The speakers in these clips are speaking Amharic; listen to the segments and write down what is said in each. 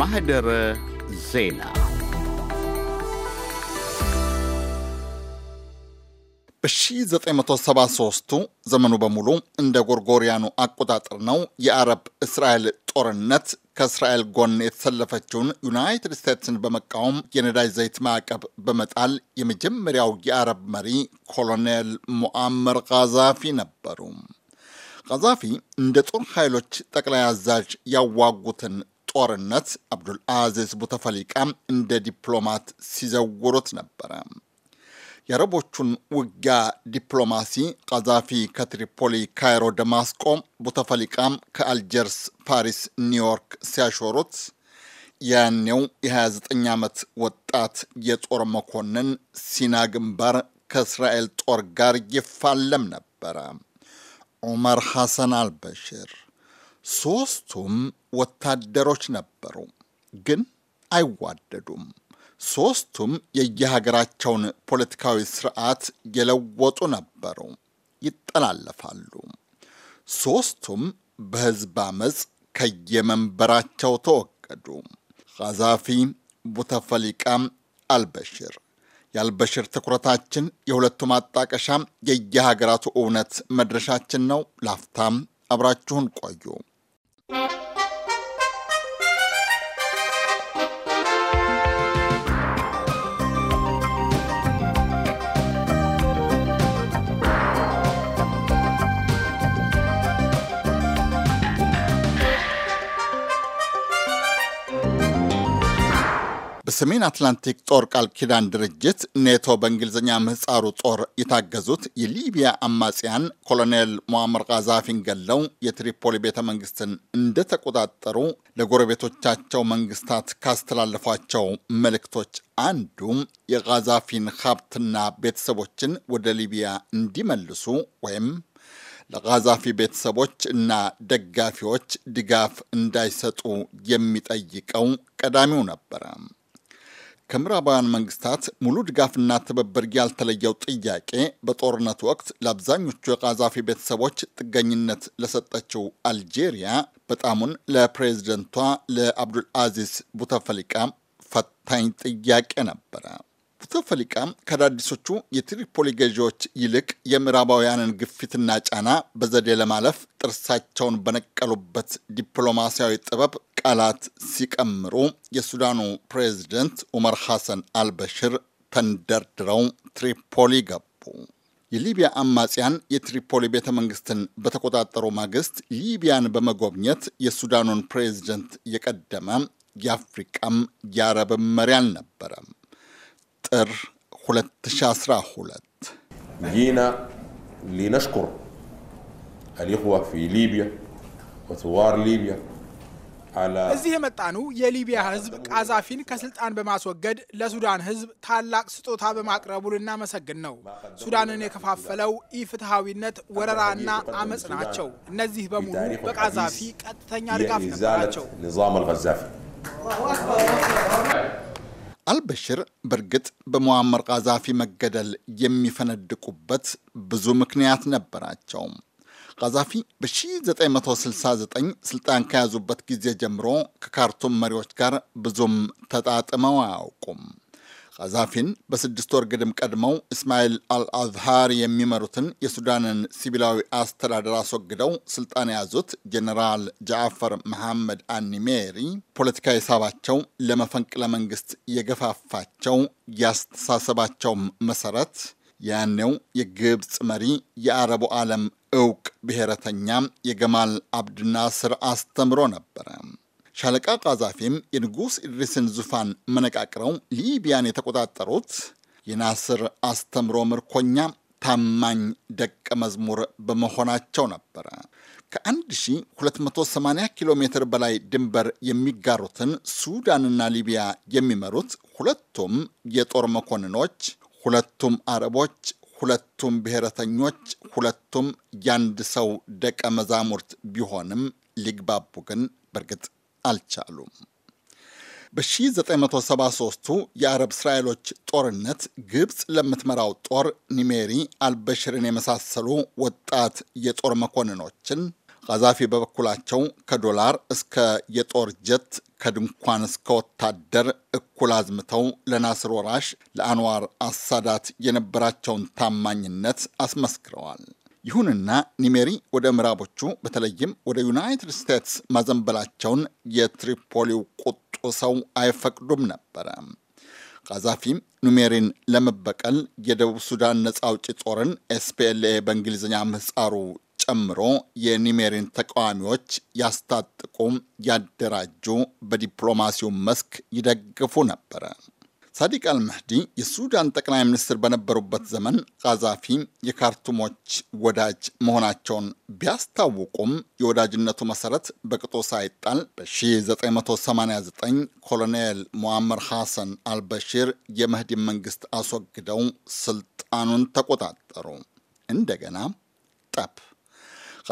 ማህደረ ዜና በ1973ቱ ዘመኑ በሙሉ እንደ ጎርጎሪያኑ አቆጣጠር ነው። የአረብ እስራኤል ጦርነት ከእስራኤል ጎን የተሰለፈችውን ዩናይትድ ስቴትስን በመቃወም የነዳጅ ዘይት ማዕቀብ በመጣል የመጀመሪያው የአረብ መሪ ኮሎኔል ሙአመር ጋዛፊ ነበሩ። ጋዛፊ እንደ ጦር ኃይሎች ጠቅላይ አዛዥ ያዋጉትን ጦርነት አብዱል አዚዝ ቡተፈሊቃ እንደ ዲፕሎማት ሲዘውሩት ነበረ። የአረቦቹን ውጊያ ዲፕሎማሲ ቀዛፊ ከትሪፖሊ፣ ካይሮ፣ ደማስቆ፣ ቡተፈሊቃም ከአልጀርስ፣ ፓሪስ፣ ኒውዮርክ ሲያሾሩት ያኔው የ29 ዓመት ወጣት የጦር መኮንን ሲና ግንባር ከእስራኤል ጦር ጋር ይፋለም ነበረ። ዑመር ሐሰን አልበሽር ሶስቱም ወታደሮች ነበሩ፣ ግን አይዋደዱም። ሶስቱም የየሀገራቸውን ፖለቲካዊ ስርዓት የለወጡ ነበሩ፣ ይጠላለፋሉ። ሶስቱም በህዝብ አመፅ ከየመንበራቸው ተወገዱ። ቃዛፊ፣ ቡተፈሊቃ፣ አልበሽር። የአልበሽር ትኩረታችን የሁለቱ ማጣቀሻ የየሀገራቱ እውነት መድረሻችን ነው። ላፍታም አብራችሁን ቆዩ። Thank you. በሰሜን አትላንቲክ ጦር ቃል ኪዳን ድርጅት ኔቶ በእንግሊዝኛ ምህፃሩ ጦር የታገዙት የሊቢያ አማጽያን ኮሎኔል ሞአመር ቃዛፊን ገለው የትሪፖሊ ቤተ መንግስትን እንደተቆጣጠሩ ለጎረቤቶቻቸው መንግስታት ካስተላለፏቸው መልእክቶች አንዱም የጋዛፊን ሀብትና ቤተሰቦችን ወደ ሊቢያ እንዲመልሱ ወይም ለቃዛፊ ቤተሰቦች እና ደጋፊዎች ድጋፍ እንዳይሰጡ የሚጠይቀው ቀዳሚው ነበረ። ከምዕራባውያን መንግስታት ሙሉ ድጋፍና ትብብር ያልተለየው ጥያቄ በጦርነት ወቅት ለአብዛኞቹ የቃዛፊ ቤተሰቦች ጥገኝነት ለሰጠችው አልጄሪያ በጣሙን ለፕሬዝደንቷ ለአብዱል አዚዝ ቡተፈሊቃ ፈታኝ ጥያቄ ነበረ። ቡተፈሊቃ ከአዳዲሶቹ የትሪፖሊ ገዢዎች ይልቅ የምዕራባውያንን ግፊትና ጫና በዘዴ ለማለፍ ጥርሳቸውን በነቀሉበት ዲፕሎማሲያዊ ጥበብ ቃላት ሲቀምሩ የሱዳኑ ፕሬዚደንት ኡመር ሐሰን አልበሽር ተንደርድረው ትሪፖሊ ገቡ። የሊቢያ አማጽያን የትሪፖሊ ቤተ መንግስትን በተቆጣጠሩ ማግስት ሊቢያን በመጎብኘት የሱዳኑን ፕሬዚደንት የቀደመ የአፍሪቃም የአረብም መሪ አልነበረም። ጥር 2012 جينا لنشكر الإخوة في ليبيا وثوار ليبيا እዚህ የመጣኑ የሊቢያ ሕዝብ ቃዛፊን ከስልጣን በማስወገድ ለሱዳን ሕዝብ ታላቅ ስጦታ በማቅረቡ ልናመሰግን ነው። ሱዳንን የከፋፈለው ኢፍትሐዊነት፣ ወረራና አመፅ ናቸው። እነዚህ በሙሉ በቃዛፊ ቀጥተኛ ድጋፍ ነበራቸው። አልበሽር በእርግጥ በሙአመር ቃዛፊ መገደል የሚፈነድቁበት ብዙ ምክንያት ነበራቸው። ቃዛፊ በ1969 ስልጣን ከያዙበት ጊዜ ጀምሮ ከካርቱም መሪዎች ጋር ብዙም ተጣጥመው አያውቁም። ቀዛፊን በስድስት ወር ግድም ቀድመው እስማኤል አልአዝሃር የሚመሩትን የሱዳንን ሲቪላዊ አስተዳደር አስወግደው ስልጣን የያዙት ጀኔራል ጃዕፈር መሐመድ አኒሜሪ ፖለቲካ ሂሳባቸው ለመፈንቅለ መንግስት የገፋፋቸው ያስተሳሰባቸው መሰረት ያኔው የግብፅ መሪ የአረቡ ዓለም እውቅ ብሔረተኛ የገማል አብድናስር አስተምሮ ነበረ። ሻለቃ ቃዛፊም የንጉሥ ኢድሪስን ዙፋን መነቃቅረው ሊቢያን የተቆጣጠሩት የናስር አስተምሮ ምርኮኛ ታማኝ ደቀ መዝሙር በመሆናቸው ነበረ። ከ1280 ኪሎ ሜትር በላይ ድንበር የሚጋሩትን ሱዳንና ሊቢያ የሚመሩት ሁለቱም የጦር መኮንኖች፣ ሁለቱም አረቦች፣ ሁለቱም ብሔረተኞች፣ ሁለቱም ያንድ ሰው ደቀ መዛሙርት ቢሆንም ሊግባቡ ግን በእርግጥ አልቻሉም። በ1973ቱ የአረብ እስራኤሎች ጦርነት ግብፅ ለምትመራው ጦር ኒሜሪ አልበሽርን የመሳሰሉ ወጣት የጦር መኮንኖችን ቀዛፊ በበኩላቸው ከዶላር እስከ የጦር ጀት ከድንኳን እስከ ወታደር እኩል አዝምተው ለናስር ወራሽ ለአንዋር አሳዳት የነበራቸውን ታማኝነት አስመስክረዋል። ይሁንና ኒሜሪ ወደ ምዕራቦቹ በተለይም ወደ ዩናይትድ ስቴትስ ማዘንበላቸውን የትሪፖሊው ቁጡ ሰው አይፈቅዱም ነበረ። ቃዛፊም ኑሜሪን ለመበቀል የደቡብ ሱዳን ነፃ አውጪ ጦርን ኤስፒኤልኤ በእንግሊዝኛ ምህጻሩ ጨምሮ የኒሜሪን ተቃዋሚዎች ያስታጥቁ፣ ያደራጁ፣ በዲፕሎማሲው መስክ ይደግፉ ነበረ። ሳዲቅ አልመህዲ የሱዳን ጠቅላይ ሚኒስትር በነበሩበት ዘመን ቃዛፊ የካርቱሞች ወዳጅ መሆናቸውን ቢያስታውቁም የወዳጅነቱ መሰረት በቅጦ ሳይጣል በ1989 ኮሎኔል ሞአመር ሐሰን አልበሺር የመህዲን መንግስት አስወግደው ስልጣኑን ተቆጣጠሩ። እንደገና ጠብ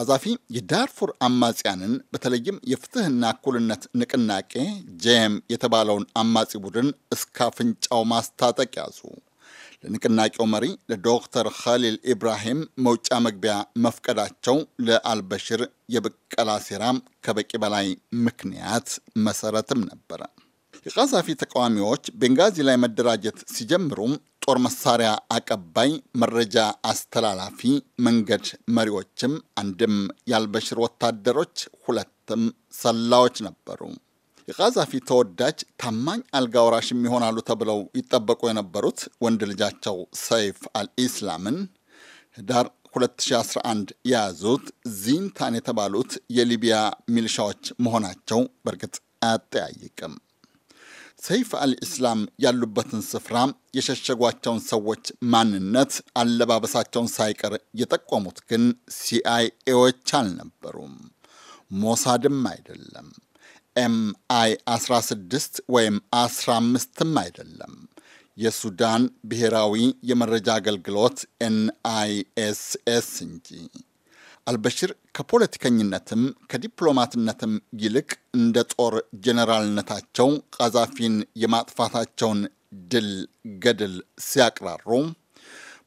ቀዛፊ የዳርፉር አማጽያንን በተለይም የፍትህና እኩልነት ንቅናቄ ጄም የተባለውን አማጺ ቡድን እስከ አፍንጫው ማስታጠቅ ያዙ። ለንቅናቄው መሪ ለዶክተር ኸሊል ኢብራሂም መውጫ መግቢያ መፍቀዳቸው ለአልበሽር የብቀላ ሴራም ከበቂ በላይ ምክንያት መሰረትም ነበረ። የቀዛፊ ተቃዋሚዎች ቤንጋዚ ላይ መደራጀት ሲጀምሩም ጦር መሳሪያ አቀባይ፣ መረጃ አስተላላፊ፣ መንገድ መሪዎችም አንድም የአልበሽር ወታደሮች ሁለትም ሰላዎች ነበሩ። የቃዛፊ ተወዳጅ ታማኝ አልጋ ወራሽም ይሆናሉ ተብለው ይጠበቁ የነበሩት ወንድ ልጃቸው ሰይፍ አልኢስላምን ህዳር 2011 የያዙት ዚንታን የተባሉት የሊቢያ ሚሊሻዎች መሆናቸው በእርግጥ አያጠያይቅም። ሰይፍ አልኢስላም ያሉበትን ስፍራ፣ የሸሸጓቸውን ሰዎች ማንነት፣ አለባበሳቸውን ሳይቀር የጠቆሙት ግን ሲአይኤዎች አልነበሩም፣ ሞሳድም አይደለም፣ ኤምአይ 16 ወይም 15ም አይደለም። የሱዳን ብሔራዊ የመረጃ አገልግሎት ኤንአይኤስኤስ እንጂ አልበሽር ከፖለቲከኝነትም ከዲፕሎማትነትም ይልቅ እንደ ጦር ጀኔራልነታቸው ቀዛፊን የማጥፋታቸውን ድል ገድል ሲያቅራሩ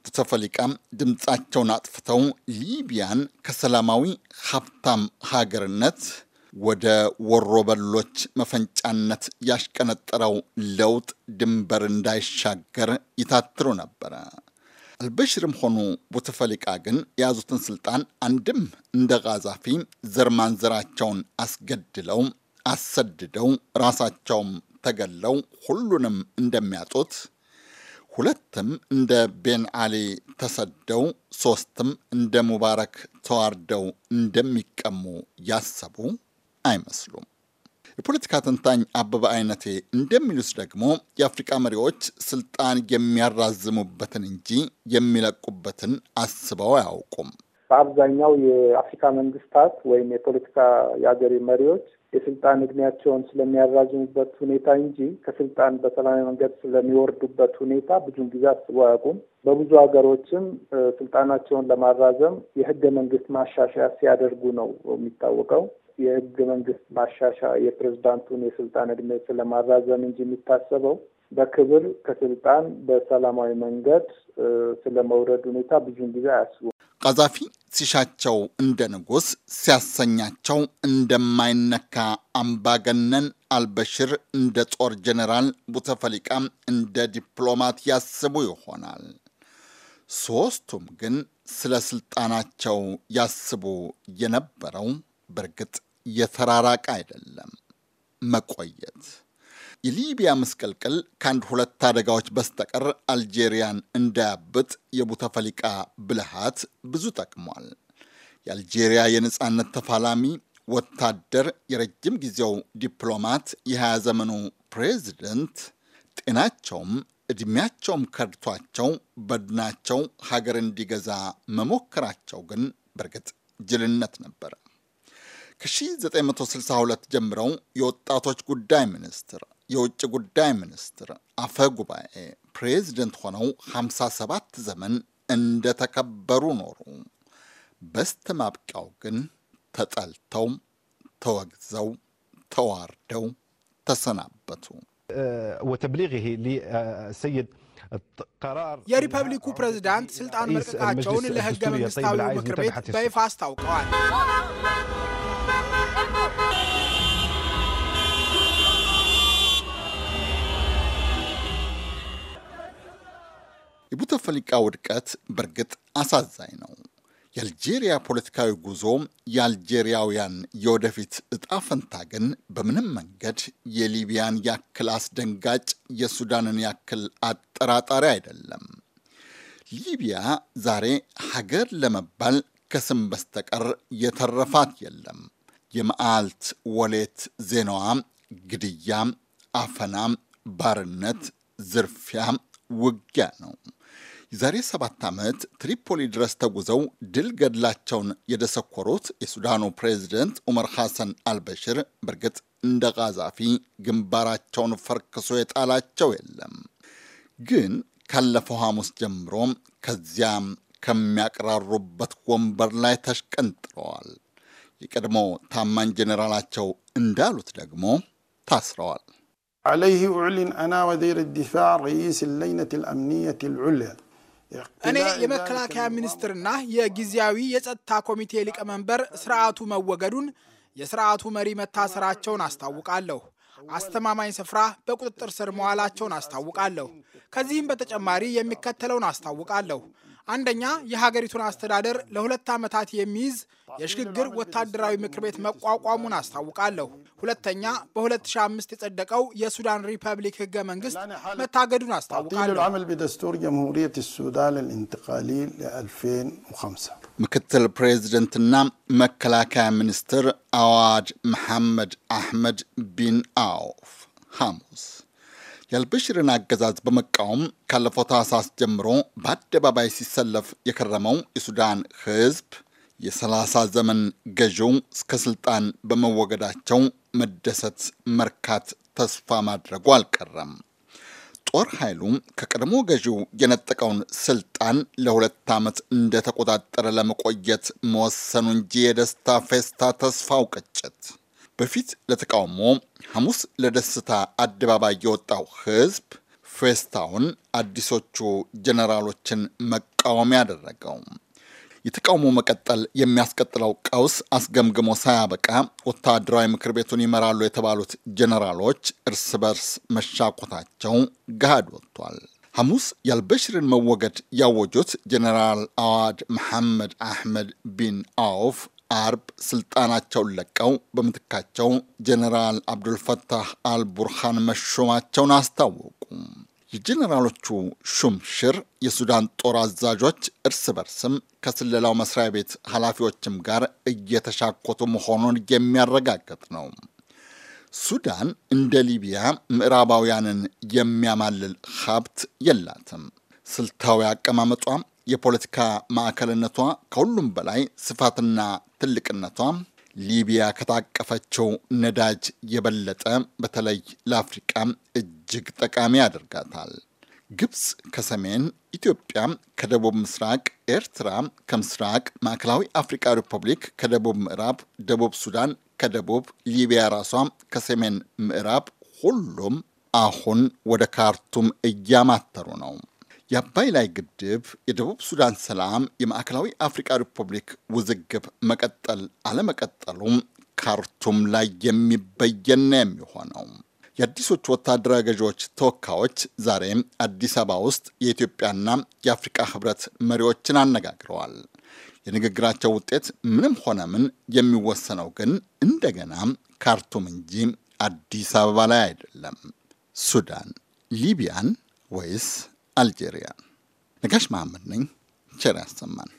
ቡተፈሊቃም ድምፃቸውን አጥፍተው ሊቢያን ከሰላማዊ ሀብታም ሀገርነት ወደ ወሮበሎች መፈንጫነት ያሽቀነጠረው ለውጥ ድንበር እንዳይሻገር ይታትሩ ነበረ። አልበሽርም ሆኑ ቡተፈሊቃ ግን የያዙትን ስልጣን አንድም እንደ ጋዛፊ ዘር ማንዘራቸውን አስገድለው አሰድደው ራሳቸውም ተገለው ሁሉንም እንደሚያጡት፣ ሁለትም እንደ ቤን አሊ ተሰደው፣ ሶስትም እንደ ሙባረክ ተዋርደው እንደሚቀሙ ያሰቡ አይመስሉም። የፖለቲካ ተንታኝ አበበ አይነቴ እንደሚሉት ደግሞ የአፍሪቃ መሪዎች ስልጣን የሚያራዝሙበትን እንጂ የሚለቁበትን አስበው አያውቁም። በአብዛኛው የአፍሪካ መንግስታት ወይም የፖለቲካ የሀገር መሪዎች የስልጣን እድሜያቸውን ስለሚያራዝሙበት ሁኔታ እንጂ ከስልጣን በሰላማዊ መንገድ ስለሚወርዱበት ሁኔታ ብዙን ጊዜ አስበው አያውቁም። በብዙ ሀገሮችም ስልጣናቸውን ለማራዘም የህገ መንግስት ማሻሻያ ሲያደርጉ ነው የሚታወቀው። የህገ መንግስት ማሻሻ የፕሬዝዳንቱን የስልጣን እድሜ ስለማራዘም እንጂ የሚታሰበው በክብር ከስልጣን በሰላማዊ መንገድ ስለመውረድ ሁኔታ ብዙን ጊዜ አያስቡም። ቀዛፊ ሲሻቸው እንደ ንጉስ ሲያሰኛቸው እንደማይነካ አምባገነን አልበሽር እንደ ጦር ጀኔራል ቡተፈሊቃም እንደ ዲፕሎማት ያስቡ ይሆናል። ሦስቱም ግን ስለ ስልጣናቸው ያስቡ የነበረው በእርግጥ የተራራቀ አይደለም መቆየት። የሊቢያ ምስቅልቅል ከአንድ ሁለት አደጋዎች በስተቀር አልጄሪያን እንዳያብጥ የቡተፈሊቃ ብልሃት ብዙ ጠቅሟል። የአልጄሪያ የነፃነት ተፋላሚ ወታደር፣ የረጅም ጊዜው ዲፕሎማት፣ የሀያ ዘመኑ ፕሬዚደንት ጤናቸውም እድሜያቸውም ከድቷቸው በድናቸው ሀገር እንዲገዛ መሞከራቸው ግን በእርግጥ ጅልነት ነበር። ከ1962 ጀምረው የወጣቶች ጉዳይ ሚኒስትር፣ የውጭ ጉዳይ ሚኒስትር፣ አፈ ጉባኤ፣ ፕሬዚደንት ሆነው 57 ዘመን እንደተከበሩ ኖሩ። በስተ ማብቂያው ግን ተጠልተው፣ ተወግዘው፣ ተዋርደው ተሰናበቱ። ሰይድ የሪፐብሊኩ ፕሬዚዳንት ስልጣን መልቀቃቸውን ለህገ መንግስታዊ ምክር ቤት በይፋ አስታውቀዋል። የቡተፈሊቃ ውድቀት በእርግጥ አሳዛኝ ነው። የአልጄሪያ ፖለቲካዊ ጉዞ፣ የአልጄሪያውያን የወደፊት እጣ ፈንታ ግን በምንም መንገድ የሊቢያን ያክል አስደንጋጭ፣ የሱዳንን ያክል አጠራጣሪ አይደለም። ሊቢያ ዛሬ ሀገር ለመባል ከስም በስተቀር የተረፋት የለም። የመዓልት ወሌት ዜናዋ ግድያ፣ አፈና፣ ባርነት፣ ዝርፊያ፣ ውጊያ ነው። የዛሬ ሰባት ዓመት ትሪፖሊ ድረስ ተጉዘው ድል ገድላቸውን የደሰኮሩት የሱዳኑ ፕሬዚደንት ኡመር ሐሰን አልበሽር በእርግጥ እንደ ቃዛፊ ግንባራቸውን ፈርክሶ የጣላቸው የለም። ግን ካለፈው ሐሙስ ጀምሮ ከዚያም ከሚያቀራሩበት ወንበር ላይ ተሽቀንጥለዋል። የቀድሞ ታማኝ ጄኔራላቸው እንዳሉት ደግሞ ታስረዋል። عليه أعلن أنا وزير الدفاع رئيس اللجنة الأمنية العليا እኔ የመከላከያ ሚኒስትርና የጊዜያዊ የጸጥታ ኮሚቴ ሊቀመንበር ስርዓቱ መወገዱን፣ የስርዓቱ መሪ መታሰራቸውን አስታውቃለሁ። አስተማማኝ ስፍራ በቁጥጥር ስር መዋላቸውን አስታውቃለሁ። ከዚህም በተጨማሪ የሚከተለውን አስታውቃለሁ። አንደኛ የሀገሪቱን አስተዳደር ለሁለት ዓመታት የሚይዝ የሽግግር ወታደራዊ ምክር ቤት መቋቋሙን አስታውቃለሁ። ሁለተኛ በ2005 የጸደቀው የሱዳን ሪፐብሊክ ህገ መንግስት መታገዱን አስታውቃለሁ። ምክትል ፕሬዝደንትና መከላከያ ሚኒስትር አዋድ መሐመድ አህመድ ቢን አውፍ ሐሙስ የአልበሽርን አገዛዝ በመቃወም ካለፈው ታህሳስ ጀምሮ በአደባባይ ሲሰለፍ የከረመው የሱዳን ህዝብ የሰላሳ ዘመን ገዢው እስከ ስልጣን በመወገዳቸው መደሰት፣ መርካት፣ ተስፋ ማድረጉ አልቀረም። ጦር ኃይሉ ከቀድሞ ገዢው የነጠቀውን ስልጣን ለሁለት ዓመት እንደተቆጣጠረ ለመቆየት መወሰኑ እንጂ የደስታ ፌስታ ተስፋው ቅጭት በፊት ለተቃውሞ ሐሙስ ለደስታ አደባባይ የወጣው ህዝብ ፌስታውን አዲሶቹ ጀነራሎችን መቃወሚያ ያደረገው የተቃውሞ መቀጠል የሚያስቀጥለው ቀውስ አስገምግሞ ሳያበቃ ወታደራዊ ምክር ቤቱን ይመራሉ የተባሉት ጀነራሎች እርስ በርስ መሻኮታቸው ገሃድ ወጥቷል። ሐሙስ የአልበሽርን መወገድ ያወጁት ጀነራል አዋድ መሐመድ አሕመድ ቢን አውፍ አርብ ስልጣናቸውን ለቀው በምትካቸው ጀኔራል አብዱልፈታህ አልቡርሃን መሾማቸውን አስታወቁ። የጀኔራሎቹ ሹምሽር የሱዳን ጦር አዛዦች እርስ በርስም ከስለላው መስሪያ ቤት ኃላፊዎችም ጋር እየተሻኮቱ መሆኑን የሚያረጋግጥ ነው። ሱዳን እንደ ሊቢያ ምዕራባውያንን የሚያማልል ሀብት የላትም። ስልታዊ አቀማመጧም የፖለቲካ ማዕከልነቷ ከሁሉም በላይ ስፋትና ትልቅነቷ ሊቢያ ከታቀፈችው ነዳጅ የበለጠ በተለይ ለአፍሪቃ እጅግ ጠቃሚ ያደርጋታል። ግብፅ ከሰሜን፣ ኢትዮጵያ ከደቡብ ምስራቅ፣ ኤርትራ ከምስራቅ፣ ማዕከላዊ አፍሪካ ሪፐብሊክ ከደቡብ ምዕራብ፣ ደቡብ ሱዳን ከደቡብ፣ ሊቢያ ራሷ ከሰሜን ምዕራብ ሁሉም አሁን ወደ ካርቱም እያማተሩ ነው። የአባይ ላይ ግድብ፣ የደቡብ ሱዳን ሰላም፣ የማዕከላዊ አፍሪካ ሪፑብሊክ ውዝግብ መቀጠል አለመቀጠሉም ካርቱም ላይ የሚበየን የሚሆነው። የአዲሶቹ ወታደራዊ ገዢዎች ተወካዮች ዛሬ አዲስ አበባ ውስጥ የኢትዮጵያና የአፍሪካ ህብረት መሪዎችን አነጋግረዋል። የንግግራቸው ውጤት ምንም ሆነ ምን የሚወሰነው ግን እንደገና ካርቱም እንጂ አዲስ አበባ ላይ አይደለም። ሱዳን፣ ሊቢያን ወይስ አልጄሪያ። ነጋሽ መሐመድ ነኝ። ቸር ያሰማን።